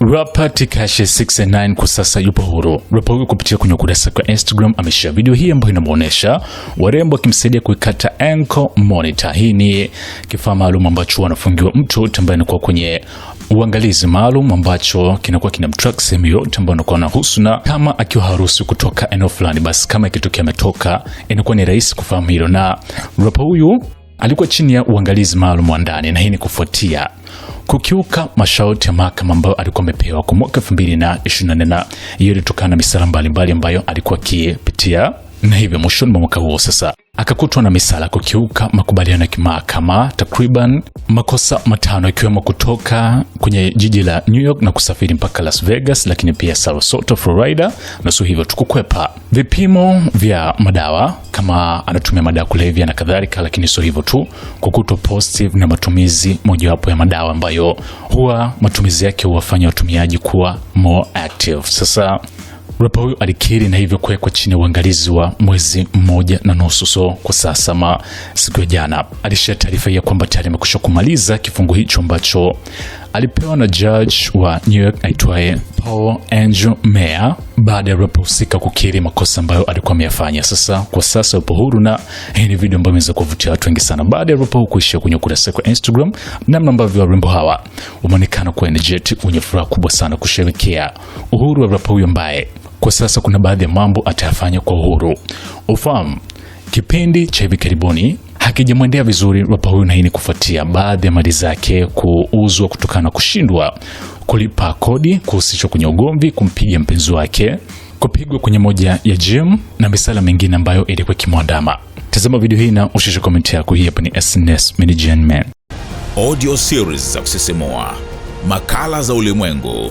Rapa Tekashi 69 kwa sasa yupo huru. Rapa huyu kupitia kwenye ukurasa kwa Instagram ameshare video hii ambayo inamuonesha warembo akimsaidia kuikata ankle monitor. Hii ni kifaa maalum ambacho wanafungiwa mtu ambaye anakuwa kwenye uangalizi maalum ambacho kinakuwa kinamtrack sehemu yote ambayo anakuwa anahusu, na kama akiwa haruhusi kutoka eneo fulani, basi kama ikitokea ametoka inakuwa ni rahisi kufahamu hilo, na rapa huyu alikuwa chini ya uangalizi maalum wa ndani, na hii ni kufuatia kukiuka masharti ya mahakama ambayo alikuwa amepewa kwa mwaka 2024 na hiyo ilitokana na misala mbalimbali ambayo alikuwa akipitia, na hivyo mwishoni mwa mwaka huo sasa akakutwa na misala kukiuka makubaliano ya kimahakama takriban makosa matano ikiwemo kutoka kwenye jiji la New York na kusafiri mpaka Las Vegas, lakini pia Sarasota, Florida, sio hivyo tukukwepa vipimo vya madawa kama anatumia madawa kulevya na kadhalika, lakini sio hivyo tu, kukutwa positive na matumizi mojawapo ya madawa ambayo huwa matumizi yake huwafanya watumiaji kuwa more active. Sasa Rapa huyu alikiri na hivyo kuwekwa chini ya uangalizi wa mwezi mmoja na nusu. So kwa sasa ma siku ya jana alishia taarifa ya kwamba tayari amekwisha kumaliza kifungo hicho ambacho alipewa na judge wa New York aitwaye Paul Andrew Meyer baada ya rapa husika kukiri makosa ambayo alikuwa ameyafanya. Sasa kwa sasa yupo huru, na hii ni video ambayo imeweza kuvutia watu wengi sana baada ya rapa kuishia kwenye ukurasa wa Instagram, namna ambavyo warembo hawa wameonekana kuwa energetic, wenye furaha kubwa sana kusherekea uhuru wa rapa huyo ambaye kwa sasa kuna baadhi ya mambo atayafanya kwa uhuru. Ufahamu kipindi cha hivi karibuni hakijamwendea vizuri rapa huyu, na hii ni kufuatia baadhi ya mali zake kuuzwa kutokana na kushindwa kulipa kodi, kuhusishwa kwenye ugomvi, kumpiga mpenzi wake, kupigwa kwenye moja ya gym na misala mingine ambayo ilikuwa kimwandama. Tazama video hii na ushushe komenti yako. Hii hapa ni SnS Media Audio series za kusisimua, makala za ulimwengu